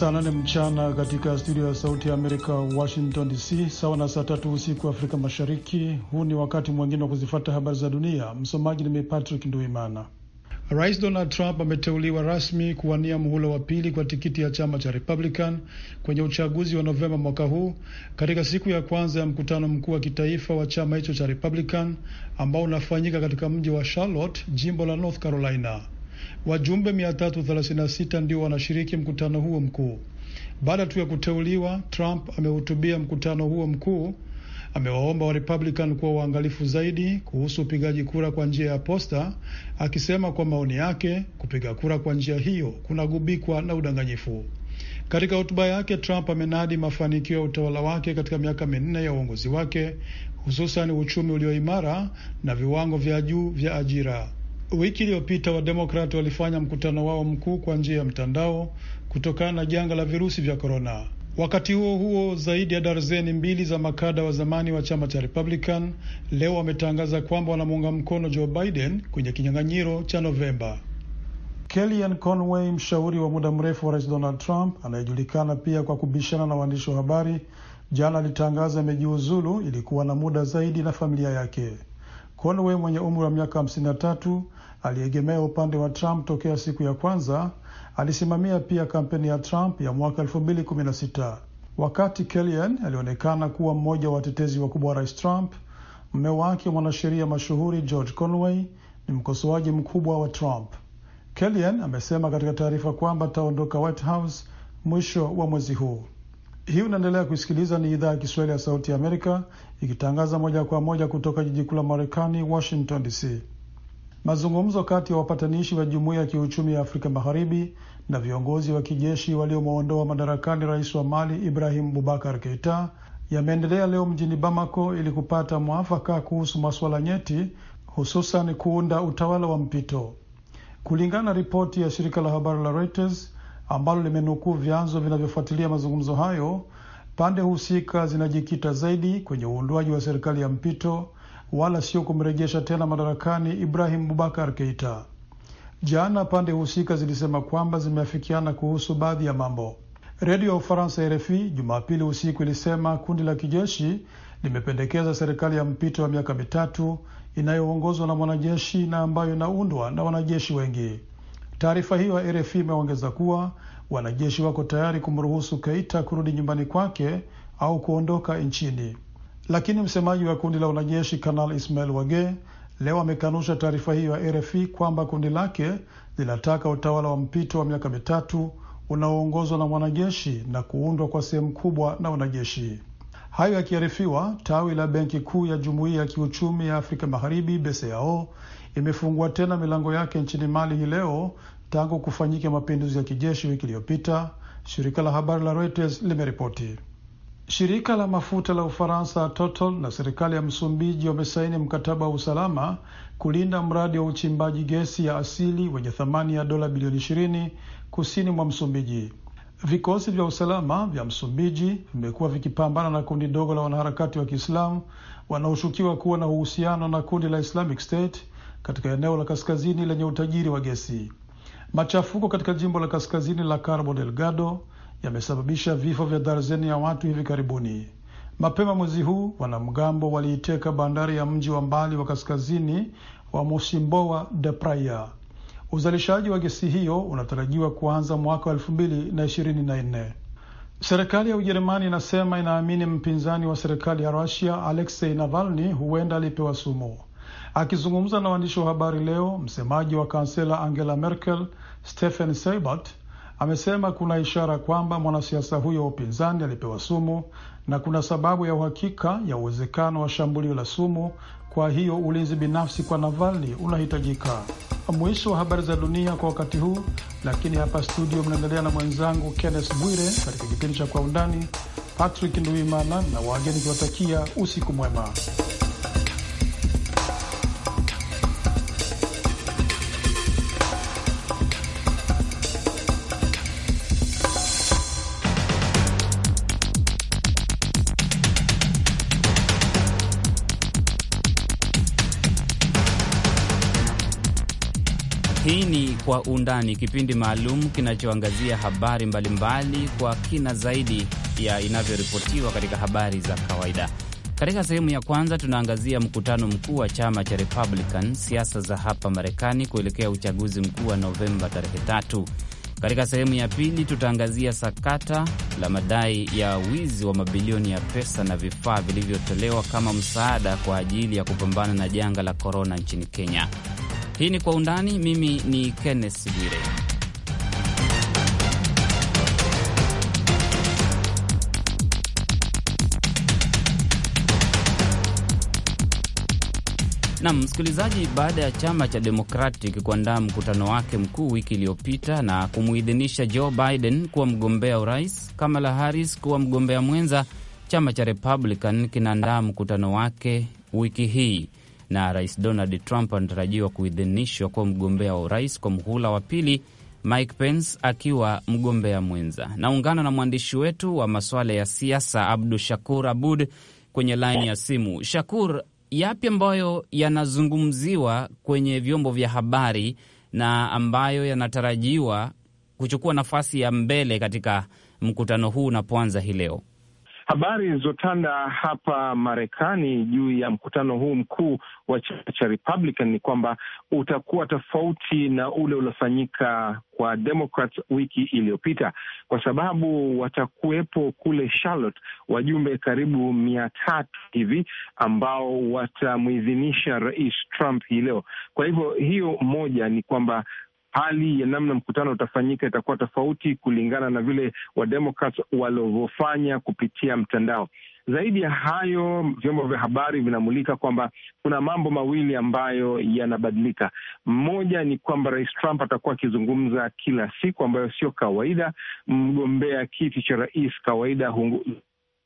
saa nane mchana katika studio ya Sauti ya Amerika, Washington DC, sawa na saa tatu usiku Afrika Mashariki. Huu ni wakati mwingine wa kuzifata habari za dunia. Msomaji ni mimi Patrick Nduimana. Rais Donald Trump ameteuliwa rasmi kuwania muhula wa pili kwa tikiti ya chama cha Republican kwenye uchaguzi wa Novemba mwaka huu katika siku ya kwanza ya mkutano mkuu wa kitaifa wa chama hicho cha Republican ambao unafanyika katika mji wa Charlotte, jimbo la North Carolina. Wajumbe 336 ndio wanashiriki mkutano huo mkuu. Baada tu ya kuteuliwa, Trump amehutubia mkutano huo mkuu. Amewaomba Warepublican kuwa waangalifu zaidi kuhusu upigaji kura kwa njia ya posta, akisema kwa maoni yake kupiga kura kwa njia hiyo kunagubikwa na udanganyifu. Katika hotuba yake, Trump amenadi mafanikio ya utawala wake katika miaka minne ya uongozi wake, hususan uchumi ulioimara na viwango vya juu vya ajira. Wiki iliyopita Wademokrati walifanya mkutano wao mkuu kwa njia ya mtandao kutokana na janga la virusi vya korona. Wakati huo huo, zaidi ya darzeni mbili za makada wa zamani wa chama cha Republican leo wametangaza kwamba wanamuunga mkono Joe Biden kwenye kinyang'anyiro cha Novemba. Kellyanne Conway, mshauri wa muda mrefu wa rais Donald Trump anayejulikana pia kwa kubishana na waandishi wa habari, jana alitangaza amejiuzulu ili kuwa na muda zaidi na familia yake. Conway mwenye umri wa miaka 53 aliyegemea upande wa Trump tokea siku ya kwanza, alisimamia pia kampeni ya Trump ya mwaka 2016. Wakati Kellyanne alionekana kuwa mmoja wa watetezi wakubwa wa Rais Trump, mme wake mwanasheria mashuhuri George Conway ni mkosoaji mkubwa wa Trump. Kellyanne amesema katika taarifa kwamba ataondoka White House mwisho wa mwezi huu. Hii unaendelea kusikiliza, ni idhaa ya Kiswahili ya Sauti ya Amerika ikitangaza moja kwa moja kutoka jiji kuu la Marekani, Washington DC. Mazungumzo kati ya wapatanishi wa Jumuiya ya Kiuchumi ya Afrika Magharibi na viongozi wa kijeshi waliomwondoa madarakani rais wa Mali Ibrahim Bubakar Keita yameendelea leo mjini Bamako ili kupata mwafaka kuhusu masuala nyeti, hususan kuunda utawala wa mpito. Kulingana na ripoti ya shirika la habari la Reuters ambalo limenukuu vyanzo vinavyofuatilia mazungumzo hayo, pande husika zinajikita zaidi kwenye uundwaji wa serikali ya mpito wala sio kumrejesha tena madarakani Ibrahim Bubakar Keita. Jana pande husika zilisema kwamba zimeafikiana kuhusu baadhi ya mambo. Redio ya Ufaransa RFI Jumapili usiku ilisema kundi la kijeshi limependekeza serikali ya mpito wa miaka mitatu inayoongozwa na mwanajeshi na ambayo inaundwa na wanajeshi wengi. Taarifa hiyo ya RFI imeongeza kuwa wanajeshi wako tayari kumruhusu Keita kurudi nyumbani kwake au kuondoka nchini lakini msemaji wa kundi la wanajeshi Kanal Ismail Wage leo amekanusha taarifa hiyo ya RFI kwamba kundi lake linataka utawala wa mpito wa miaka mitatu unaoongozwa na mwanajeshi na kuundwa kwa sehemu kubwa na wanajeshi. Hayo yakiarifiwa, tawi la benki kuu ya jumuiya ya kiuchumi ya Afrika Magharibi BCAO imefungua tena milango yake nchini Mali hii leo tangu kufanyika mapinduzi ya kijeshi wiki iliyopita, shirika la habari la Reuters limeripoti. Shirika la mafuta la Ufaransa Total na serikali ya Msumbiji wamesaini mkataba wa usalama kulinda mradi wa uchimbaji gesi ya asili wenye thamani ya dola bilioni ishirini kusini mwa Msumbiji. Vikosi vya usalama vya Msumbiji vimekuwa vikipambana na kundi dogo la wanaharakati wa Kiislamu wanaoshukiwa kuwa na uhusiano na kundi la Islamic State katika eneo la kaskazini lenye utajiri wa gesi. Machafuko katika jimbo la kaskazini la Cabo Delgado yamesababisha vifo vya darzeni ya watu hivi karibuni. Mapema mwezi huu wanamgambo waliiteka bandari ya mji wa mbali wa kaskazini wa Musimboa de Praia. Uzalishaji wa gesi hiyo unatarajiwa kuanza mwaka wa elfu mbili na ishirini na nne. Serikali ya Ujerumani inasema inaamini mpinzani wa serikali ya Rusia Aleksei Navalny huenda alipewa sumu. Akizungumza na waandishi wa habari leo, msemaji wa kansela Angela Merkel Stephen Seibert amesema kuna ishara kwamba mwanasiasa huyo wa upinzani alipewa sumu na kuna sababu ya uhakika ya uwezekano wa shambulio la sumu. Kwa hiyo ulinzi binafsi kwa Navalny unahitajika. Mwisho wa habari za dunia kwa wakati huu, lakini hapa studio mnaendelea na mwenzangu Kenneth Bwire katika kipindi cha Kwa Undani. Patrick Nduimana na wageni kiwatakia usiku mwema. Kwa Undani, kipindi maalum kinachoangazia habari mbalimbali mbali kwa kina zaidi ya inavyoripotiwa katika habari za kawaida. Katika sehemu ya kwanza tunaangazia mkutano mkuu wa chama cha Republican, siasa za hapa Marekani kuelekea uchaguzi mkuu wa Novemba tarehe tatu. Katika sehemu ya pili tutaangazia sakata la madai ya wizi wa mabilioni ya pesa na vifaa vilivyotolewa kama msaada kwa ajili ya kupambana na janga la korona nchini Kenya. Hii ni Kwa Undani. Mimi ni Kenneth Bwire. Nam msikilizaji, baada ya chama cha Democratic kuandaa mkutano wake mkuu wiki iliyopita na kumuidhinisha Joe Biden kuwa mgombea urais, Kamala Harris kuwa mgombea mwenza, chama cha Republican kinaandaa mkutano wake wiki hii na Rais Donald Trump anatarajiwa kuidhinishwa kuwa mgombea wa urais kwa mhula wa pili, Mike Pence akiwa mgombea mwenza. Naungana na mwandishi wetu wa masuala ya siasa Abdu Shakur Abud kwenye laini ya simu. Shakur, yapi ambayo yanazungumziwa kwenye vyombo vya habari na ambayo yanatarajiwa kuchukua nafasi ya mbele katika mkutano huu unapoanza hii leo? Habari zilizotanda hapa Marekani juu ya mkutano huu mkuu wa chama cha Republican ni kwamba utakuwa tofauti na ule uliofanyika kwa Democrat wiki iliyopita, kwa sababu watakuwepo kule Charlotte wajumbe karibu mia tatu hivi ambao watamuidhinisha Rais Trump hii leo. Kwa hivyo hiyo moja ni kwamba hali ya namna mkutano utafanyika itakuwa tofauti kulingana na vile wademokrat walivyofanya kupitia mtandao. Zaidi ya hayo, vyombo vya habari vinamulika kwamba kuna mambo mawili ambayo yanabadilika. Mmoja ni kwamba Rais Trump atakuwa akizungumza kila siku, ambayo sio kawaida. Mgombea kiti cha rais kawaida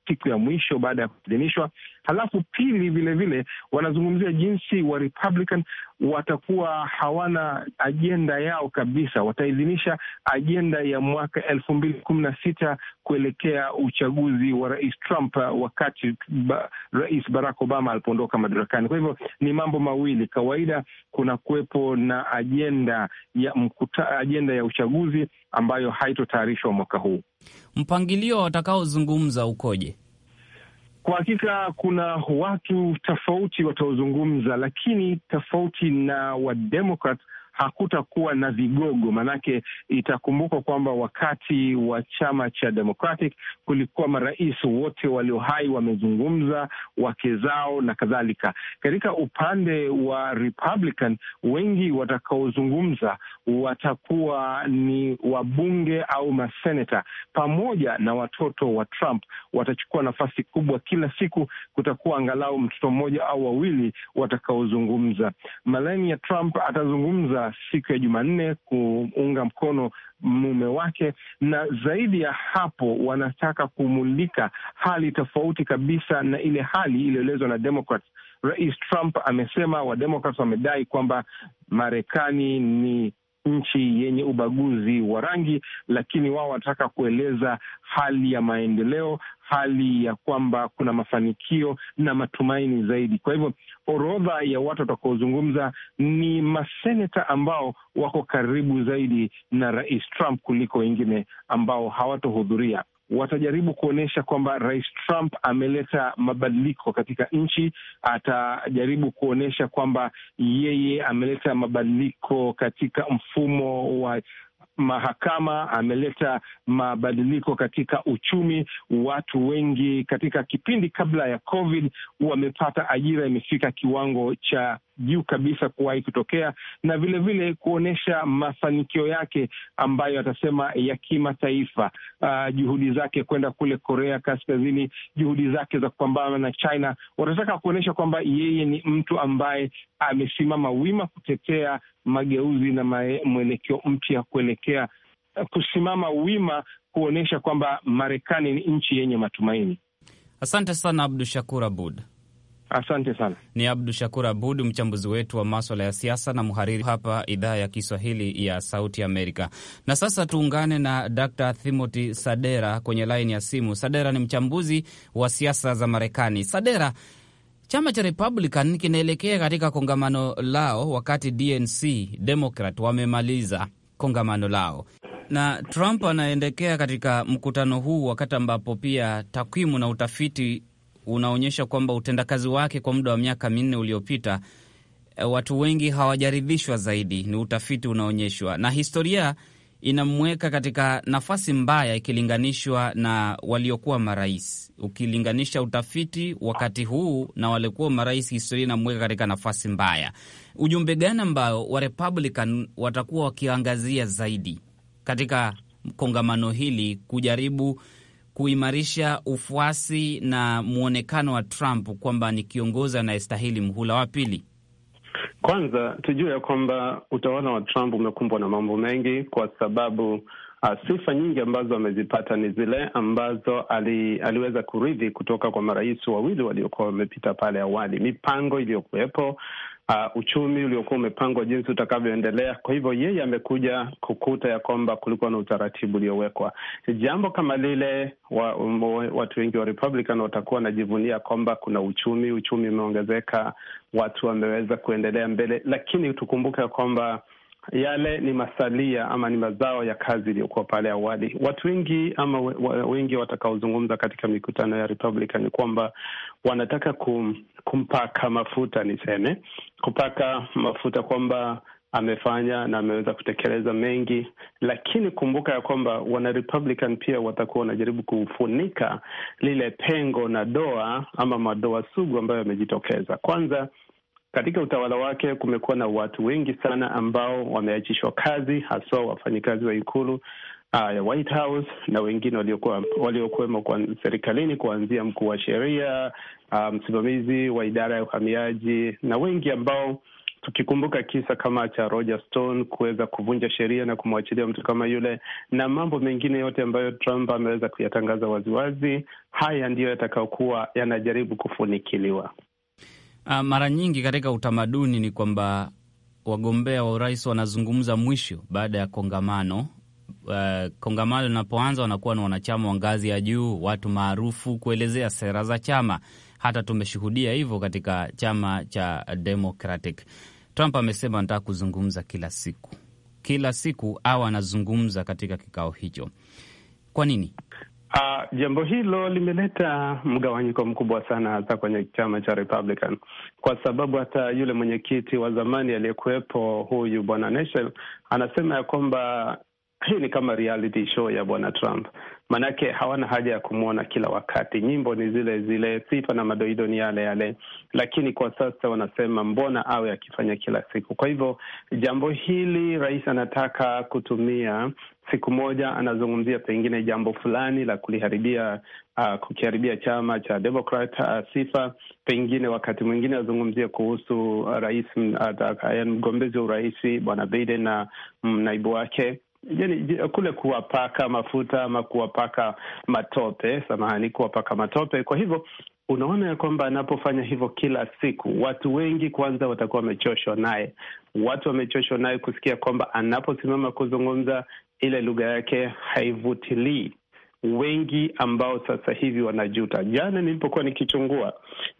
siku ya mwisho baada ya kuidhinishwa Halafu pili, vilevile wanazungumzia jinsi wa Republican watakuwa hawana ajenda yao kabisa, wataidhinisha ajenda ya mwaka elfu mbili kumi na sita kuelekea uchaguzi wa rais Trump wakati ba, rais Barack Obama alipoondoka madarakani. Kwa hivyo ni mambo mawili. Kawaida kuna kuwepo na ajenda ya mkuta, ajenda ya uchaguzi ambayo haitotayarishwa mwaka huu. Mpangilio watakaozungumza ukoje? Kwa hakika kuna watu tofauti wataozungumza, lakini tofauti na Wademokrat hakutakuwa na vigogo, maanake itakumbukwa kwamba wakati wa chama cha Democratic kulikuwa marais wote walio hai wamezungumza, wake zao na kadhalika. Katika upande wa Republican, wengi watakaozungumza watakuwa ni wabunge au maseneta pamoja na watoto wa Trump, watachukua nafasi kubwa. Kila siku kutakuwa angalau mtoto mmoja au wawili watakaozungumza. Melania Trump atazungumza siku ya Jumanne kuunga mkono mume wake, na zaidi ya hapo, wanataka kumulika hali tofauti kabisa na ile hali iliyoelezwa na Democrats. Rais Trump amesema, Wademokrat wamedai kwamba Marekani ni nchi yenye ubaguzi wa rangi, lakini wao wanataka kueleza hali ya maendeleo, hali ya kwamba kuna mafanikio na matumaini zaidi. Kwa hivyo orodha ya watu watakaozungumza ni maseneta ambao wako karibu zaidi na rais Trump kuliko wengine ambao hawatohudhuria watajaribu kuonyesha kwamba Rais Trump ameleta mabadiliko katika nchi. Atajaribu kuonyesha kwamba yeye ameleta mabadiliko katika mfumo wa mahakama, ameleta mabadiliko katika uchumi. Watu wengi katika kipindi kabla ya COVID wamepata ajira, imefika kiwango cha juu kabisa kuwahi kutokea, na vilevile kuonyesha mafanikio yake ambayo atasema ya kimataifa. Uh, juhudi zake kwenda kule Korea Kaskazini, juhudi zake za kupambana na China, watataka kuonyesha kwamba yeye ni mtu ambaye amesimama wima kutetea mageuzi na mwelekeo mpya kuelekea eh, kusimama wima kuonyesha kwamba Marekani ni nchi yenye matumaini. Asante sana Abdu Shakur Abud. Asante sana. Ni Abdu Shakur Abud, mchambuzi wetu wa maswala ya siasa na mhariri hapa idhaa ya Kiswahili ya Sauti Amerika. Na sasa tuungane na Dr Timothy Sadera kwenye laini ya simu. Sadera ni mchambuzi wa siasa za Marekani. Sadera, Chama cha Republican kinaelekea katika kongamano lao, wakati DNC Democrat wamemaliza kongamano lao, na Trump anaendekea katika mkutano huu, wakati ambapo pia takwimu na utafiti unaonyesha kwamba utendakazi wake kwa muda wa miaka minne uliopita eh, watu wengi hawajaridhishwa zaidi, ni utafiti unaonyeshwa na historia inamweka katika nafasi mbaya ikilinganishwa na waliokuwa marais. Ukilinganisha utafiti wakati huu na waliokuwa marais, historia inamweka katika nafasi mbaya. Ujumbe gani ambao Warepublican watakuwa wakiangazia zaidi katika kongamano hili kujaribu kuimarisha ufuasi na mwonekano wa Trump kwamba ni kiongozi anayestahili mhula wa pili? Kwanza tujue ya kwamba utawala wa Trump umekumbwa na mambo mengi kwa sababu Uh, sifa nyingi ambazo amezipata ni zile ambazo ali, aliweza kurithi kutoka kwa marais wawili waliokuwa wamepita pale awali, mipango iliyokuwepo uh, uchumi uliokuwa umepangwa jinsi utakavyoendelea. Kwa hivyo yeye amekuja kukuta ya kwamba kulikuwa na utaratibu uliowekwa. Jambo kama lile wa, um, watu wengi wa Republican watakuwa wanajivunia kwamba kuna uchumi, uchumi umeongezeka, watu wameweza kuendelea mbele, lakini tukumbuke kwamba yale ni masalia ama ni mazao ya kazi iliyokuwa pale awali. Watu wengi ama wengi watakaozungumza katika mikutano ya Republican ni kwamba wanataka kum, kumpaka mafuta niseme kupaka mafuta kwamba amefanya na ameweza kutekeleza mengi, lakini kumbuka ya kwamba wana Republican pia watakuwa wanajaribu kufunika lile pengo na doa ama madoa sugu ambayo yamejitokeza. Kwanza, katika utawala wake kumekuwa na watu wengi sana ambao wameachishwa kazi, haswa wafanyikazi wa Ikulu ya ah, White House na wengine waliokuwemo kwa serikalini kuanzia mkuu wa sheria, ah, msimamizi um, wa idara ya uhamiaji na wengi ambao tukikumbuka kisa kama cha Roger Stone kuweza kuvunja sheria na kumwachilia mtu kama yule na mambo mengine yote ambayo Trump ameweza kuyatangaza waziwazi, haya ndiyo yatakaokuwa yanajaribu kufunikiliwa. Uh, mara nyingi katika utamaduni ni kwamba wagombea wa urais wanazungumza mwisho baada ya kongamano uh, kongamano linapoanza wanakuwa na wanachama wa ngazi ya juu, watu maarufu kuelezea sera za chama. Hata tumeshuhudia hivyo katika chama cha Democratic. Trump amesema anataka kuzungumza kila siku, kila siku au anazungumza katika kikao hicho. Kwa nini? Uh, jambo hilo limeleta mgawanyiko mkubwa sana hasa kwenye chama cha Republican kwa sababu hata yule mwenyekiti wa zamani aliyekuwepo huyu bwana anasema ya kwamba hii ni kama reality show ya bwana Trump, manake hawana haja ya kumwona kila wakati. Nyimbo ni zile zile, sifa na madoido ni yale yale, lakini kwa sasa wanasema mbona awe akifanya kila siku. Kwa hivyo jambo hili rais anataka kutumia siku moja, anazungumzia pengine jambo fulani la kuliharibia, uh, kukiharibia chama cha Democrat uh, sifa. Pengine wakati mwingine azungumzie kuhusu ah, rais uh, mgombezi wa urais bwana Biden na uh, naibu wake yani, kule kuwapaka mafuta ama kuwapaka matope, samahani, kuwapaka matope. Kwa hivyo unaona ya kwamba anapofanya hivyo kila siku, watu wengi kwanza watakuwa wamechoshwa naye. Watu wamechoshwa naye kusikia kwamba anaposimama kuzungumza ile lugha yake haivutilii wengi ambao sasa hivi wanajuta. Jana nilipokuwa nikichungua,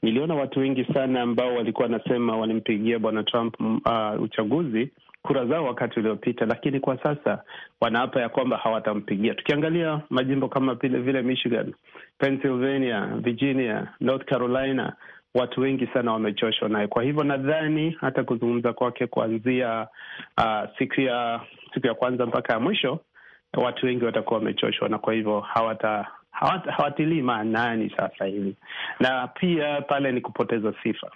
niliona watu wengi sana ambao walikuwa wanasema walimpigia bwana Trump mm, uh, uchaguzi kura zao wakati uliopita, lakini kwa sasa wanaapa ya kwamba hawatampigia. Tukiangalia majimbo kama vile vile Michigan, Pennsylvania, Virginia, North Carolina, watu wengi sana wamechoshwa naye. Kwa hivyo nadhani hata kuzungumza kwake kuanzia uh, siku ya siku ya kwanza mpaka ya mwisho, watu wengi watakuwa wamechoshwa, na kwa hivyo hawata hawatilii maanani sasa hivi, na pia pale ni kupoteza sifa.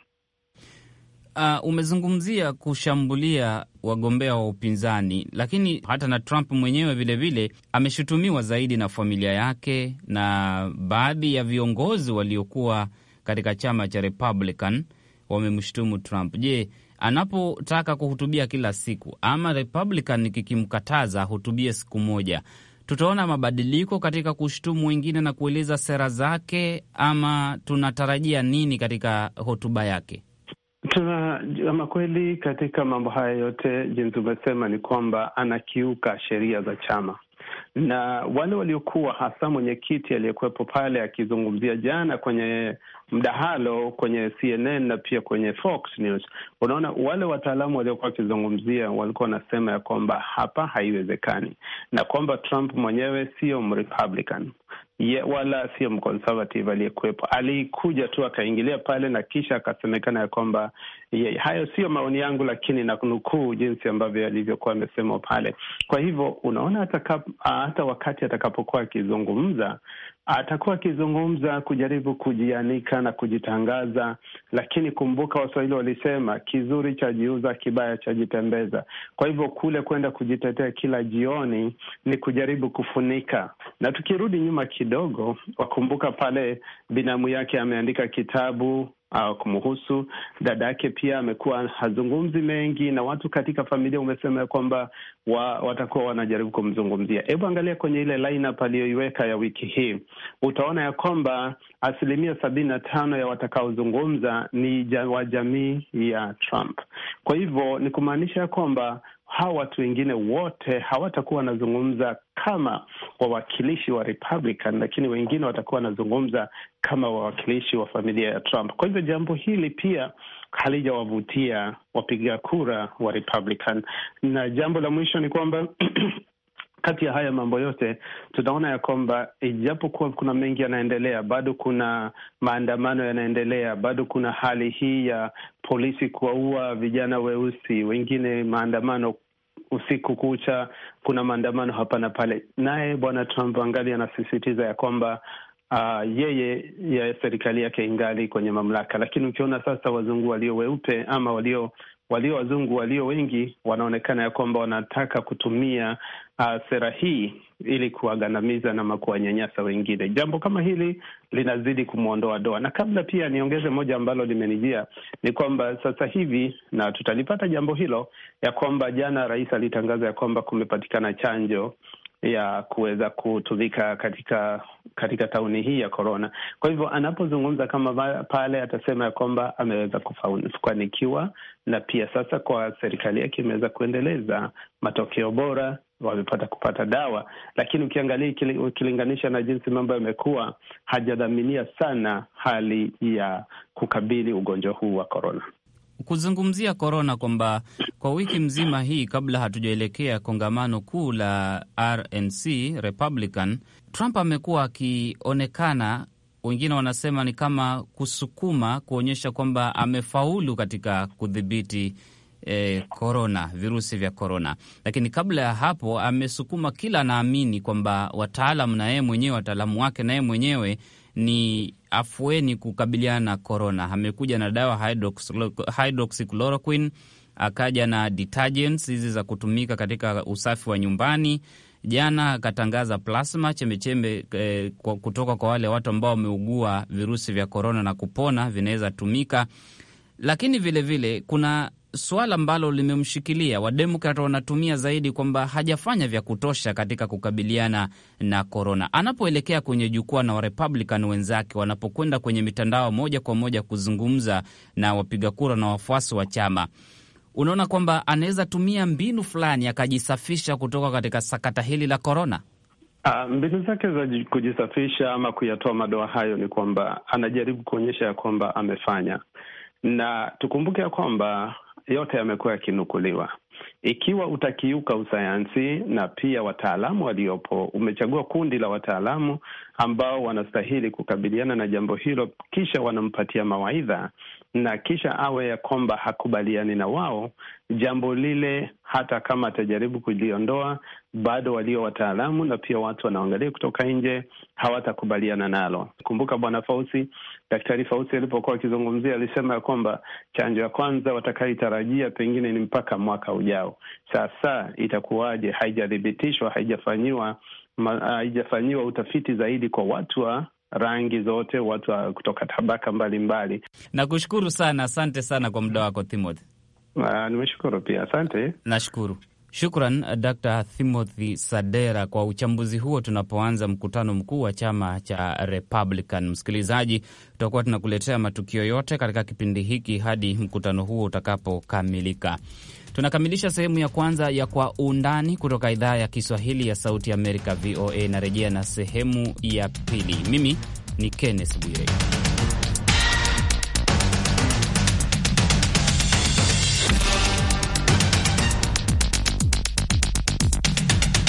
Uh, umezungumzia kushambulia wagombea wa upinzani, lakini hata na Trump mwenyewe vilevile ameshutumiwa zaidi na familia yake na baadhi ya viongozi waliokuwa katika chama cha Republican wamemshutumu Trump. Je, anapotaka kuhutubia kila siku ama Republican kikimkataza ahutubie siku moja, tutaona mabadiliko katika kushutumu wengine na kueleza sera zake, ama tunatarajia nini katika hotuba yake? Tunasema kweli katika mambo haya yote, jinsi umesema, ni kwamba anakiuka sheria za chama na wale waliokuwa hasa mwenyekiti aliyekuwepo pale akizungumzia jana kwenye mdahalo kwenye CNN na pia kwenye Fox News. Unaona, wale wataalamu waliokuwa wakizungumzia walikuwa wanasema ya kwamba hapa haiwezekani, na kwamba Trump mwenyewe sio Mrepublican ye, wala sio mkonservative aliyekuwepo. Alikuja tu akaingilia pale na kisha akasemekana ya kwamba hayo siyo maoni yangu, lakini na nukuu jinsi ambavyo alivyokuwa amesema pale. Kwa hivyo unaona, hata, hata wakati atakapokuwa akizungumza atakuwa akizungumza kujaribu kujianika na kujitangaza, lakini kumbuka, Waswahili walisema kizuri cha jiuza, kibaya cha jitembeza. Kwa hivyo kule kwenda kujitetea kila jioni ni kujaribu kufunika. Na tukirudi nyuma kidogo, wakumbuka pale binamu yake ameandika kitabu uh, kumhusu. Dada yake pia amekuwa hazungumzi mengi, na watu katika familia umesema ya kwamba wa, watakuwa wanajaribu kumzungumzia. Hebu angalia kwenye ile lineup aliyoiweka ya wiki hii, utaona ya kwamba asilimia sabini na tano ya watakaozungumza ni wa jamii ya Trump. Kwa hivyo ni kumaanisha ya kwamba hawa watu wengine wote hawatakuwa wanazungumza kama wawakilishi wa Republican, lakini wengine watakuwa wanazungumza kama wawakilishi wa familia ya Trump. Kwa hivyo jambo hili pia halijawavutia wapiga kura wa Republican. Na jambo la mwisho ni kwamba Kati ya haya mambo yote tunaona ya kwamba ijapokuwa kuna mengi yanaendelea, bado kuna maandamano yanaendelea, bado kuna hali hii ya polisi kuwaua vijana weusi, wengine maandamano usiku kucha, kuna maandamano hapa na pale. Naye bwana Trump angali anasisitiza ya kwamba Uh, yeye ya serikali yake ingali kwenye mamlaka, lakini ukiona sasa wazungu walio weupe ama walio walio wazungu walio wengi wanaonekana ya kwamba wanataka kutumia uh, sera hii ili kuwagandamiza na kuwanyanyasa wengine. Jambo kama hili linazidi kumwondoa doa. Na kabla pia niongeze moja ambalo limenijia ni kwamba sasa hivi, na tutalipata jambo hilo, ya kwamba jana rais alitangaza ya kwamba kumepatikana chanjo ya kuweza kutumika katika katika tauni hii ya korona. Kwa hivyo anapozungumza kama pale, atasema ya kwamba ameweza kufanikiwa, na pia sasa kwa serikali yake imeweza kuendeleza matokeo bora, wamepata kupata dawa, lakini ukiangalia ukilinganisha na jinsi mambo yamekuwa, hajadhaminia sana hali ya kukabili ugonjwa huu wa korona kuzungumzia korona kwamba kwa wiki mzima hii kabla hatujaelekea kongamano kuu la RNC Republican, Trump amekuwa akionekana, wengine wanasema ni kama kusukuma, kuonyesha kwamba amefaulu katika kudhibiti korona eh, virusi vya korona. Lakini kabla ya hapo amesukuma kila, anaamini kwamba wataalam na yeye mwenyewe, wataalamu wake na yeye mwenyewe ni afueni kukabiliana na korona. Amekuja na dawa hydroxychloroquine, akaja na detergents hizi za kutumika katika usafi wa nyumbani. Jana akatangaza plasma chembechembe eh, kutoka kwa wale watu ambao wameugua virusi vya korona na kupona vinaweza tumika, lakini vilevile vile, kuna suala ambalo limemshikilia Wademokrat wanatumia zaidi kwamba hajafanya vya kutosha katika kukabiliana na korona. Anapoelekea kwenye jukwaa na Warepublican wenzake wanapokwenda kwenye mitandao moja kwa moja kuzungumza na wapiga kura na wafuasi wa chama, unaona kwamba anaweza tumia mbinu fulani akajisafisha kutoka katika sakata hili la korona. Uh, ah, mbinu zake za kujisafisha ama kuyatoa madoa hayo ni kwamba anajaribu kuonyesha ya kwamba amefanya, na tukumbuke ya kwamba yote yamekuwa yakinukuliwa. Ikiwa utakiuka usayansi na pia wataalamu waliopo, umechagua kundi la wataalamu ambao wanastahili kukabiliana na jambo hilo, kisha wanampatia mawaidha, na kisha awe ya kwamba hakubaliani na wao, jambo lile hata kama atajaribu kuliondoa, bado walio wataalamu na pia watu wanaangalia kutoka nje hawatakubaliana nalo. Kumbuka bwana Fauci, Daktari Fauci alipokuwa akizungumzia alisema ya kwamba chanjo ya kwanza watakayoitarajia pengine ni mpaka mwaka ujao. Sasa itakuwaje? Haijathibitishwa, haijafanyiwa haijafanyiwa utafiti zaidi kwa watu wa rangi zote, watu kutoka tabaka mbalimbali. Nakushukuru sana, asante sana kwa muda wako Timothy. Uh, nimeshukuru pia, asante. Nashukuru. Shukran Dr Timothy Sadera kwa uchambuzi huo, tunapoanza mkutano mkuu wa chama cha Republican. Msikilizaji, tutakuwa tunakuletea matukio yote katika kipindi hiki hadi mkutano huo utakapokamilika. Tunakamilisha sehemu ya kwanza ya Kwa Undani kutoka idhaa ya Kiswahili ya Sauti Amerika, VOA. Narejea na sehemu ya pili. Mimi ni Kenneth Bwire.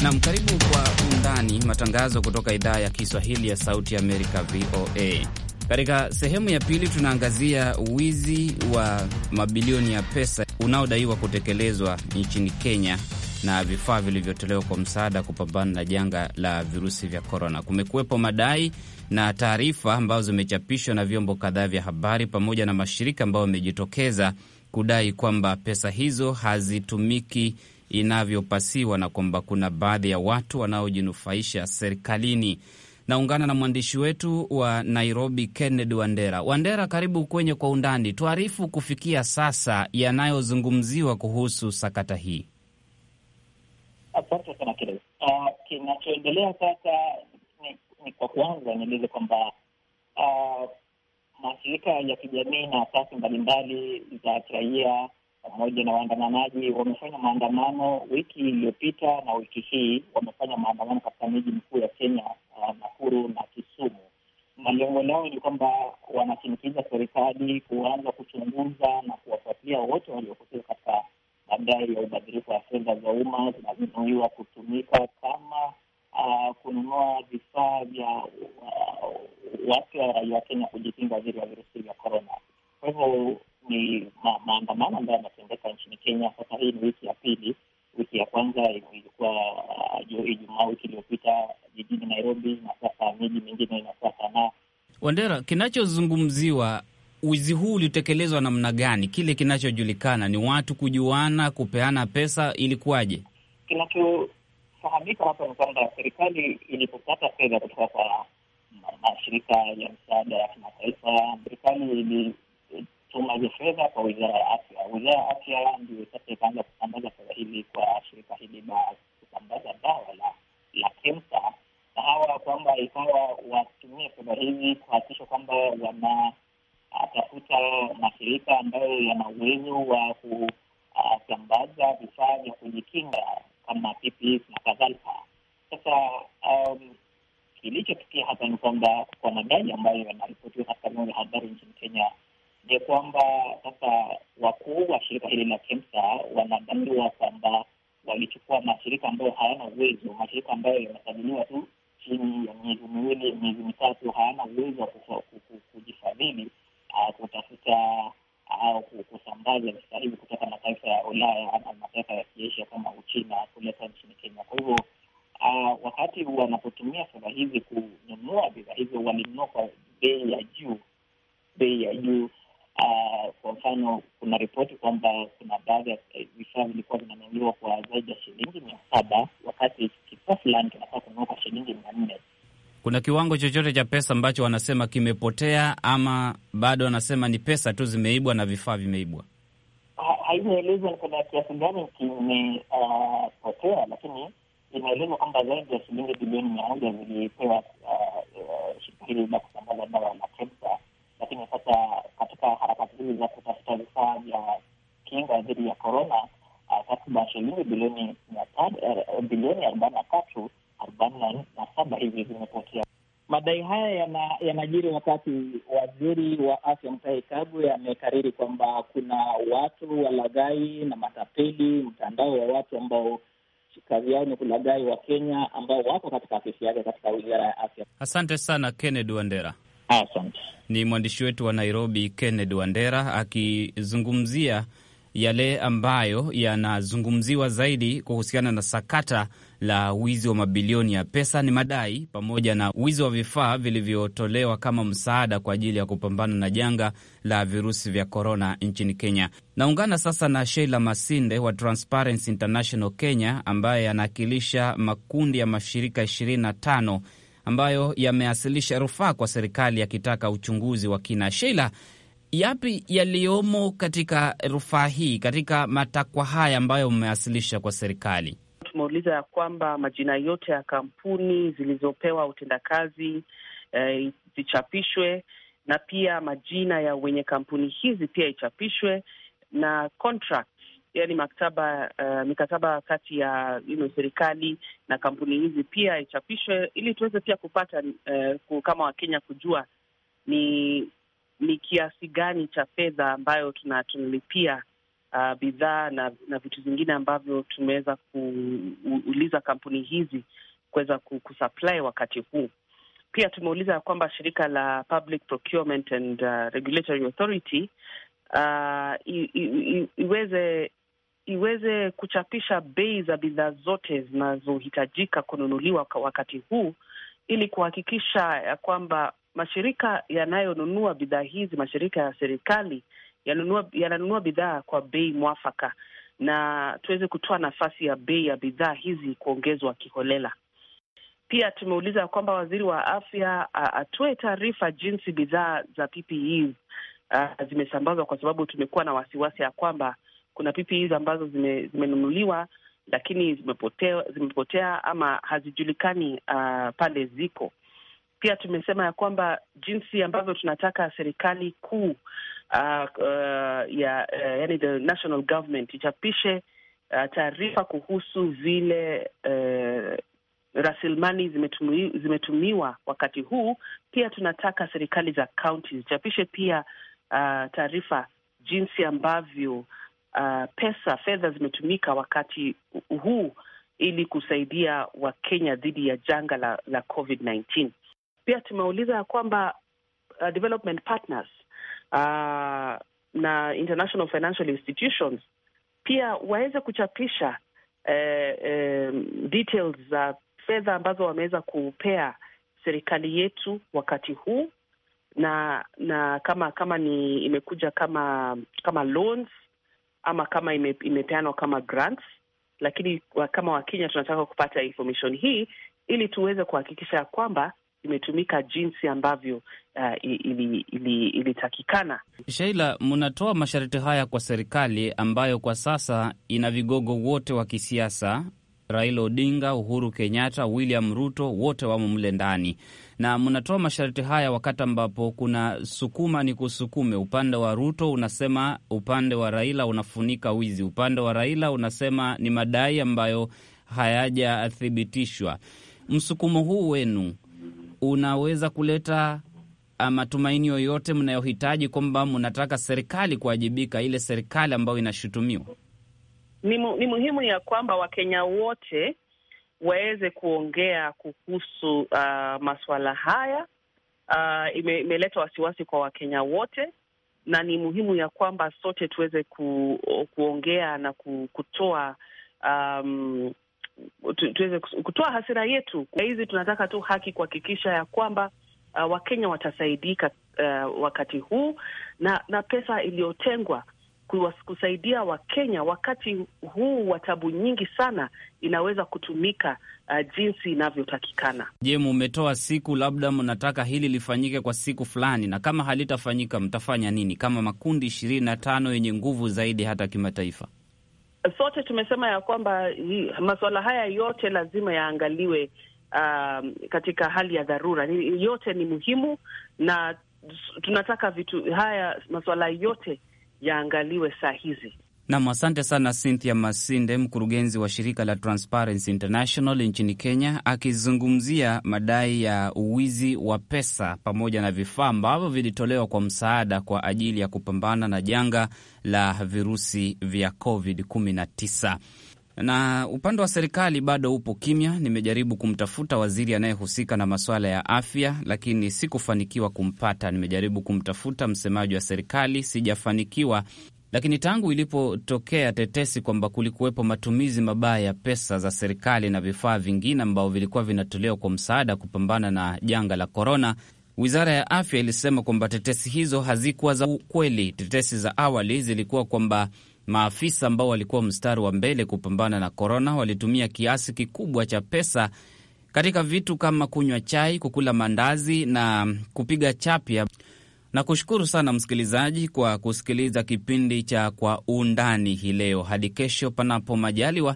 Nam, karibu kwa undani, matangazo kutoka idhaa ya Kiswahili ya Sauti Amerika, VOA. Katika sehemu ya pili tunaangazia wizi wa mabilioni ya pesa unaodaiwa kutekelezwa nchini Kenya na vifaa vilivyotolewa kwa msaada kupambana na janga la virusi vya korona. Kumekuwepo madai na taarifa ambazo zimechapishwa na vyombo kadhaa vya habari pamoja na mashirika ambayo yamejitokeza kudai kwamba pesa hizo hazitumiki inavyopasiwa na kwamba kuna baadhi ya watu wanaojinufaisha serikalini. Naungana na mwandishi wetu wa Nairobi, Kennedy Wandera. Wandera, karibu kwenye Kwa Undani. Tuarifu kufikia sasa yanayozungumziwa kuhusu sakata hii. Asante sana Kile. Uh, ah, kinachoendelea sasa ni, ni kwa kwanza nieleze kwamba uh, mashirika ya kijamii na asasi mbalimbali za kiraia pamoja na waandamanaji wamefanya maandamano wiki iliyopita na wiki hii wamefanya maandamano katika miji mikuu ya Kenya, uh, Nakuru na Kisumu. Malengo yao ni kwamba wanashinikiza serikali kuanza kuchunguza na kuwafuatilia wote waliohusika katika madai ya ubadhirifu wa fedha za umma zinazonuiwa kutumika kama uh, kununua vifaa vya uh, watu wa raia wa Kenya kujipinga dhidi ya virusi Wandera, kinachozungumziwa wizi huu ulitekelezwa namna gani? Kile kinachojulikana ni watu kujuana, kupeana pesa, ilikuwaje? kadhalika. Sasa um, kilichotukia hapa ni kwamba kwa madai ambayo yanaripotiwa katika vyombo vya habari nchini Kenya ni kwamba sasa wakuu wa shirika hili la KEMSA wanadaiwa kwamba walichukua mashirika ambayo hayana uwezo, mashirika ambayo yamesajiliwa tu chini ya miezi miwili, miezi mitatu, hayana uwezo wa kujifadhili, ah, kutafuta au kusambaza visa hivi kutoka mataifa ya Ulaya ama mataifa ya Kiasia kama Uchina kule wanapotumia fedha hizi kununua bidhaa hizo, walinunua kwa bei ya juu, bei ya juu. Uh, kwa mfano kuna ripoti kwamba kuna baadhi ya vifaa vilikuwa vinanunuliwa kwa zaidi ya shilingi mia saba wakati kifaa fulani kinafaa kununua kwa shilingi mia nne. Kuna kiwango chochote cha pesa ambacho wanasema kimepotea ama bado wanasema ni pesa tu zimeibwa na vifaa vimeibwa? Haijaelezwa ni kuna kiasi gani kimepotea, ah, lakini imeelezwa kwamba zaidi ya shilingi bilioni mia moja zilipewa uh, shirika hili la kusambaza dawa la KEMSA, lakini sasa katika harakati hizi za kutafuta vifaa vya kinga dhidi ya korona uh, takriban shilingi bilioni er, bilioni arobaini na tatu arobaini na saba hivi zimepotea. Madai haya yanajiri yana wakati waziri wa afya Mutahi Kagwe amekariri kwamba kuna watu walaghai na matapeli, mtandao wa watu ambao kazi yao ni wa kenya ambao wako katika afisi yake katika wizara ya afya. Asante sana Kennedy Wandera. Asante. Ni mwandishi wetu wa Nairobi Kennedy Wandera akizungumzia yale ambayo yanazungumziwa zaidi kuhusiana na sakata la wizi wa mabilioni ya pesa ni madai pamoja na wizi wa vifaa vilivyotolewa kama msaada kwa ajili ya kupambana na janga la virusi vya korona nchini Kenya. Naungana sasa na Sheila Masinde wa Transparency International Kenya ambaye anawakilisha makundi ya mashirika 25 ambayo yameasilisha rufaa kwa serikali yakitaka uchunguzi wa kina. Sheila, yapi yaliyomo katika rufaa hii, katika matakwa haya ambayo mmewasilisha kwa serikali? tumeuliza ya kwamba majina yote ya kampuni zilizopewa utendakazi eh, zichapishwe na pia majina ya wenye kampuni hizi pia ichapishwe na contract, yani maktaba uh, mikataba kati ya you know, serikali na kampuni hizi pia ichapishwe, ili tuweze pia kupata uh, kama Wakenya kujua ni ni kiasi gani cha fedha ambayo tunalipia tuna uh, bidhaa na, na vitu vingine ambavyo tumeweza kuuliza kampuni hizi kuweza kusupply wakati huu. Pia tumeuliza ya kwamba shirika la Public Procurement and uh, Regulatory Authority uh, iweze iweze kuchapisha bei za bidhaa zote zinazohitajika kununuliwa kwa wakati huu ili kuhakikisha ya kwamba mashirika yanayonunua bidhaa hizi, mashirika ya serikali yananunua yananunua bidhaa kwa bei mwafaka, na tuweze kutoa nafasi ya bei ya bidhaa hizi kuongezwa kiholela. Pia tumeuliza ya kwamba waziri wa afya atoe taarifa jinsi bidhaa za PPEs uh, zimesambazwa, kwa sababu tumekuwa na wasiwasi ya kwamba kuna PPEs ambazo zime, zimenunuliwa lakini zimepotea, zimepotea ama hazijulikani uh, pale ziko. Pia tumesema ya kwamba jinsi ambavyo tunataka serikali kuu uh, uh, ya uh, yani the national government ichapishe uh, taarifa kuhusu vile uh, rasilimali zimetumi, zimetumiwa wakati huu. Pia tunataka serikali za kaunti zichapishe pia uh, taarifa jinsi ambavyo uh, pesa fedha zimetumika wakati huu ili kusaidia Wakenya dhidi ya janga la, la COVID-19. Pia tumeuliza ya kwamba uh, development partners uh, na international financial institutions pia waweze kuchapisha eh, eh, details za fedha ambazo wameweza kupea serikali yetu wakati huu na na kama kama ni imekuja kama kama loans ama kama ime, imepeanwa kama grants, lakini kama Wakenya tunataka kupata information hii ili tuweze kuhakikisha ya kwamba imetumika jinsi ambavyo uh, ilitakikana ili, ili Sheila, mnatoa masharti haya kwa serikali ambayo kwa sasa ina vigogo wote wa kisiasa Raila Odinga, Uhuru Kenyatta, William Ruto, wote wamo mle ndani, na mnatoa masharti haya wakati ambapo kuna sukuma ni kusukume. Upande wa Ruto unasema upande wa Raila unafunika wizi, upande wa Raila unasema ni madai ambayo hayajathibitishwa. Msukumo huu wenu unaweza kuleta ah, matumaini yoyote mnayohitaji kwamba mnataka serikali kuwajibika, ile serikali ambayo inashutumiwa? Ni, mu, ni muhimu ya kwamba Wakenya wote waweze kuongea kuhusu uh, ah, masuala haya. Uh, ime, imeleta wasiwasi kwa Wakenya wote na ni muhimu ya kwamba sote tuweze ku, kuongea na kutoa um, tuweze kutoa hasira yetu hizi. Tunataka tu haki kuhakikisha ya kwamba uh, Wakenya watasaidika uh, wakati huu na, na pesa iliyotengwa kusaidia Wakenya wakati huu wa tabu nyingi sana inaweza kutumika uh, jinsi inavyotakikana. Je, mumetoa siku labda mnataka hili lifanyike kwa siku fulani, na kama halitafanyika mtafanya nini kama makundi ishirini na tano yenye nguvu zaidi hata kimataifa? sote tumesema ya kwamba masuala haya yote lazima yaangaliwe uh, katika hali ya dharura. Yote ni muhimu na tunataka vitu haya, masuala yote yaangaliwe saa hizi. Nam, asante sana Cynthia Masinde, mkurugenzi wa shirika la Transparency International nchini in Kenya, akizungumzia madai ya uwizi wa pesa pamoja na vifaa ambavyo vilitolewa kwa msaada kwa ajili ya kupambana na janga la virusi vya COVID-19 na upande wa serikali bado upo kimya. Nimejaribu kumtafuta waziri anayehusika na masuala ya afya, lakini sikufanikiwa kumpata. Nimejaribu kumtafuta msemaji wa serikali, sijafanikiwa. Lakini tangu ilipotokea tetesi kwamba kulikuwepo matumizi mabaya ya pesa za serikali na vifaa vingine ambao vilikuwa vinatolewa kwa msaada kupambana na janga la korona, wizara ya afya ilisema kwamba tetesi hizo hazikuwa za ukweli. Tetesi za awali zilikuwa kwamba maafisa ambao walikuwa mstari wa mbele kupambana na korona walitumia kiasi kikubwa cha pesa katika vitu kama kunywa chai, kukula mandazi na kupiga chapya Nakushukuru sana msikilizaji kwa kusikiliza kipindi cha Kwa Undani hii leo. Hadi kesho, panapo majaliwa.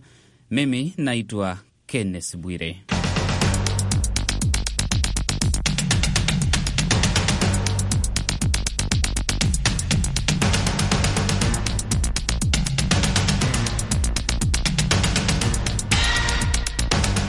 Mimi naitwa Kenneth Bwire.